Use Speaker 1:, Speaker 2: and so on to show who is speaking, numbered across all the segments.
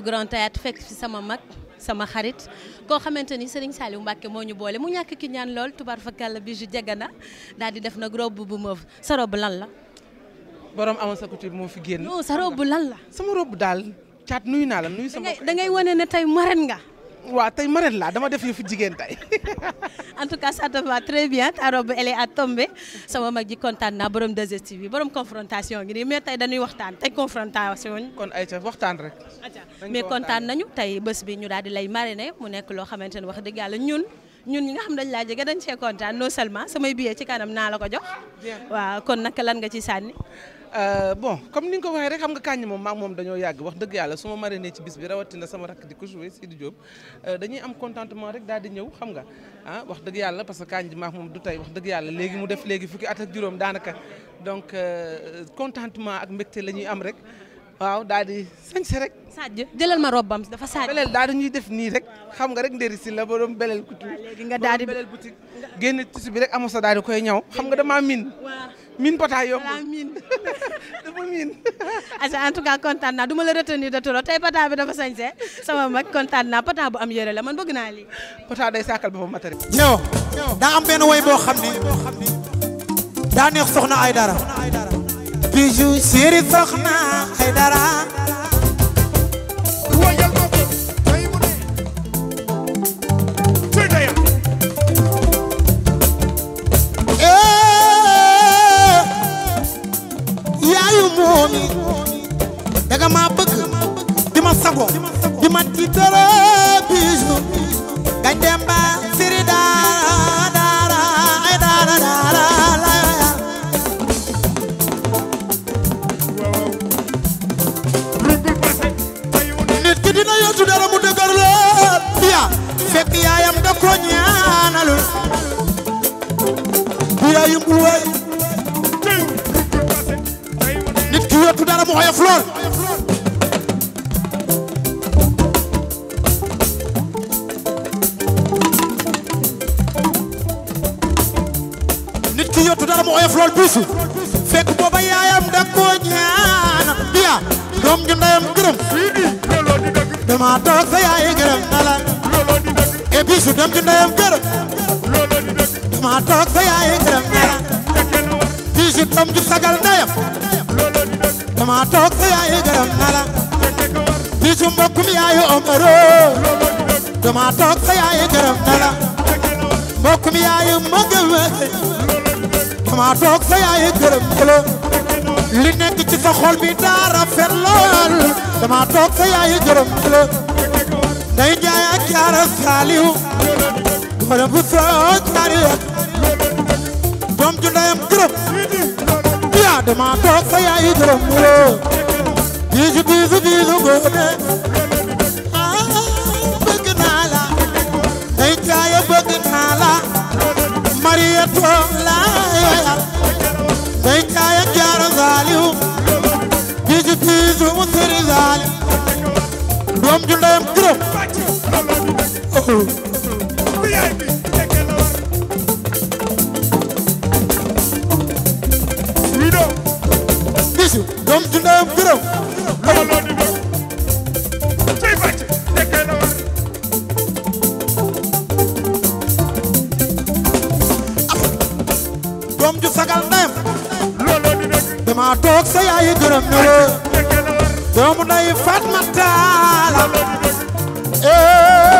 Speaker 1: ñëw Grand Théâtre fekk fi sama mag sama xarit koo xamante ni Serigne Saliou Mbacke moo ñu boole mu ñàkk ki ñaan lool tubaar fakal bi ju jagana daal di def nag robe bu mauve sa robe lan la. borom amoon sa couture moo fi génn. sa robe lan la. sama robe daal caat nuyu naa la nuyu sama. da ngay wane ne tey marraine nga. waaw tey marraine laa dama def yëfu jigéen tey. en tout cas ça te va très bien ta robe elle est à sama mag ji kontaan naa borom 2 yi borom confrontation ngi nii mais tey dañuy waxtaan tey confrontation. kon ay ayca waxtaan rek. mais kontaan nañu tey bés bi ñu daal di lay marrainer mu nekk loo xamante ne wax dëgg yàlla ñun. ñun ñi nga xam dañ laa jege dañ cee kontaan non seulement samay billet ci kanam naa la ko jox. waa kon naka lan nga ci sànni. Euh, bon comme ni nga ko waxee rek xam nga kàññi moom maak moom dañoo yàgg wax dëgg yàlla su ma maree ci bis bi rawatina sama rakk di ko joué Sidi Diop euh, dañuy am contentement rek daal di ñëw xam nga ah wax dëgg yàlla parce que kàññi maak moom du tey wax dëgg yàlla léegi mu def léegi fukki at ak juróom daanaka donc euh, contentement ak mbégte la ñuy am rek waaw daal di sañse rek. Sadji jëlal ma robbam dafa Sadji. beleel daal di ñuy def nii rek xam nga rek ndéri si la borom beleel kutu. léegi nga daal di beleel boutique. génn tissu bi rek amosa daal di koy ñaw xam nga damaa miin pata yomb voilà miin dafa miin. asa en tout cas kontaan naa du ma la retenir de trop tey pata bi dafa sañse sama mag kontaan naa pata bu am yére la man bëgg naa li pata day saakal ba fa matari. yow da am benn woy boo xam ni daa neex soxna ay dara. bijou chéri soxna ay dara. gañ dem daara daara ay daara daara la nit ki dina yootu dara mu dëgër lool biya fekk yaayam da ko ñaanalul biya yumbul way nit ki yootu dara mu oyof lool mu oyof lool doom ju ndeyam gërëm dama toog sa yaay gërëm na e doom ju toog sa yaay gërëm na yaayu omaro dama toog dama toog sa yaay gërëm la li nekk ci sa xol bi dara fet lool dama toog sa yaay gërëm la day jaay ak jaara saaliw gërëm bu sooj ñaari at doom ju ndeyam gërëm yaa dama toog sa yaay gërëm la biisu biisu biisu góone aa ah, bëgg naa la day jaay bëgg naa la mariyatoo Doom ju ndeyam gërëm doom ju sagal ndem looloo di dëgg dama toog sa yaay gërëm na la doomu nday Fatma Taala eh eh, eh.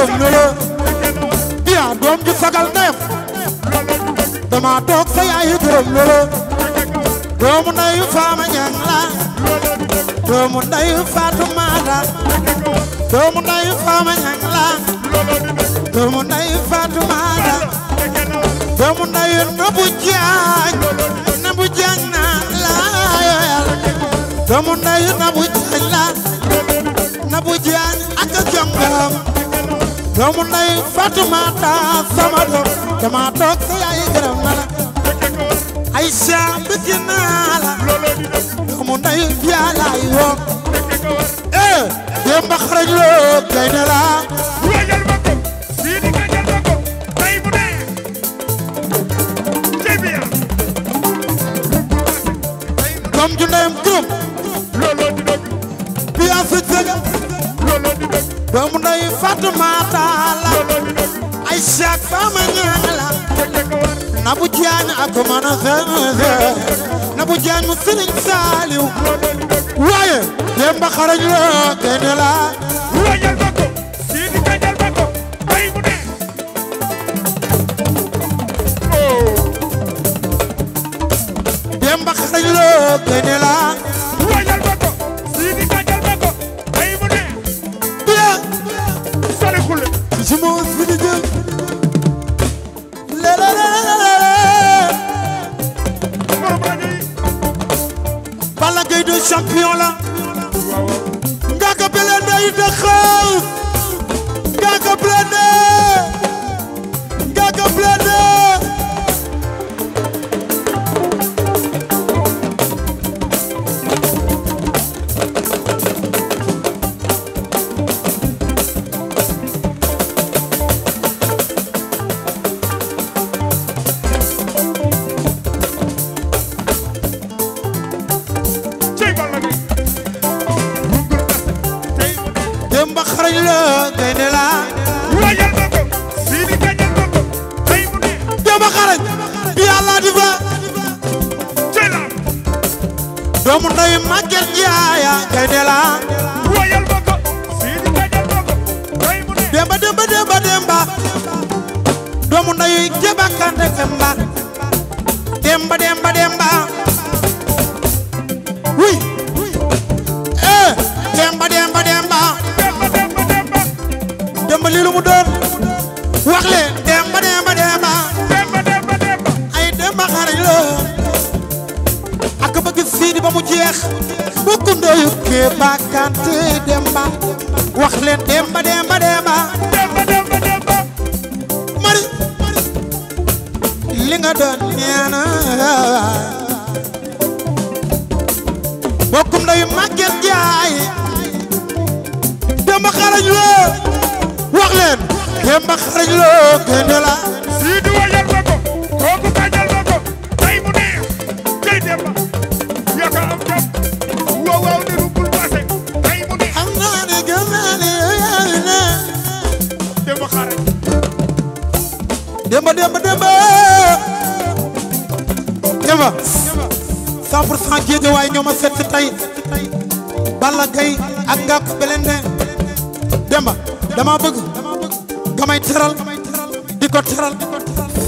Speaker 1: gëm ne doomu ndeyu faama ñang doomu ndeyu faatu maata doomu ndeyu faama ñang doomu ndeyu faatu maata doomu ndeyu nabu jaañ doomu ndey Fatoumata sama doom dama toog sa yaay gërëm na la Aïcha bëgg naa la doomu ndey yaa laay woo eh démb xarañ loo gaynde la Fatoumata la Aïcha mu Serigne Saliou waaye Demba xarañ xarañ la kenn la champion la nga ko beleen day dëxëw doomu ndeyu Maguette Ndiaye gaynde la woyal ma ko sidi gaynde ma ko day mu ne demba demba demba demba doomu ndeyu Keba Kande Kemba demba demba demba wuy eh demba demba demba demba lii lu mu doon wax demba demba demba ay demba xariñ loo siidi ba mu jeex bokku ndoyu ke bakante demba wax leen demba demba demba demba mari li nga doon ñaana bokku ndoyu màgget jaay demba xarañ loo wax leen demba xarañ loo gënde la siidi wayal ma ko kooku Géejawaay ñoo ma seet si tey Balla Gaye ak Ngaaka Blindé Demba dama bëgg nga may teral di ko teral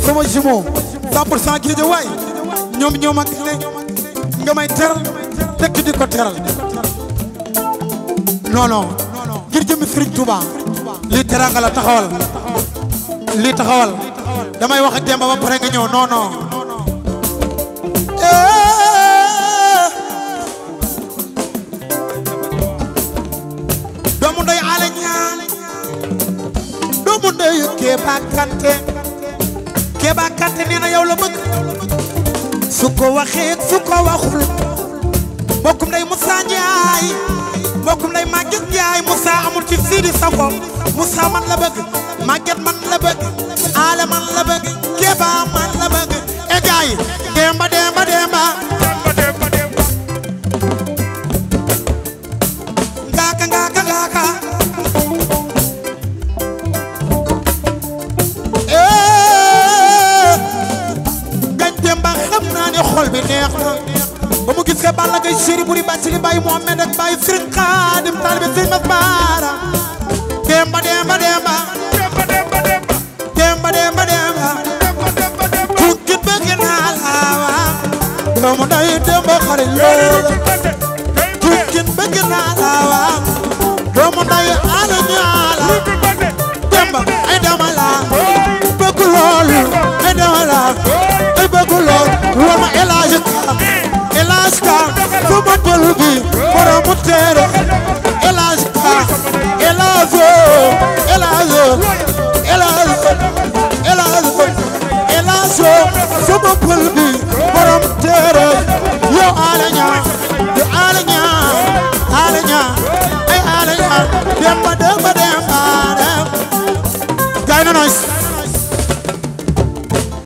Speaker 1: sama jumeau 100 pour cent ma kile nga may teral tekki di ko teral non non ngir jëmi Serigne Touba lii teranga la taxawal lii taxawal damay wax Demba ba pare nga ñëw non non ko waxeet su ko waxul mbokkum day Moussa Ndiaye mbokkum day Maguette Ndiaye Moussa amul ci Sidi Sango Moussa man la bëgg man la bëgg Ala man la bëgg man la e gaay demba demba demba Balla Gaye Serigne Buri Basili Baye Mohamed ak Baye Serigne Khadim Talibé Serigne Mass Bara Demba Demba Demba Demba Demba Demba Demba Demba Demba ku gën bëgg naa la waaw doomu day Demba xarit loolu sama pël bi boromu teere elage ka elage elage elage elage elage sama pël bi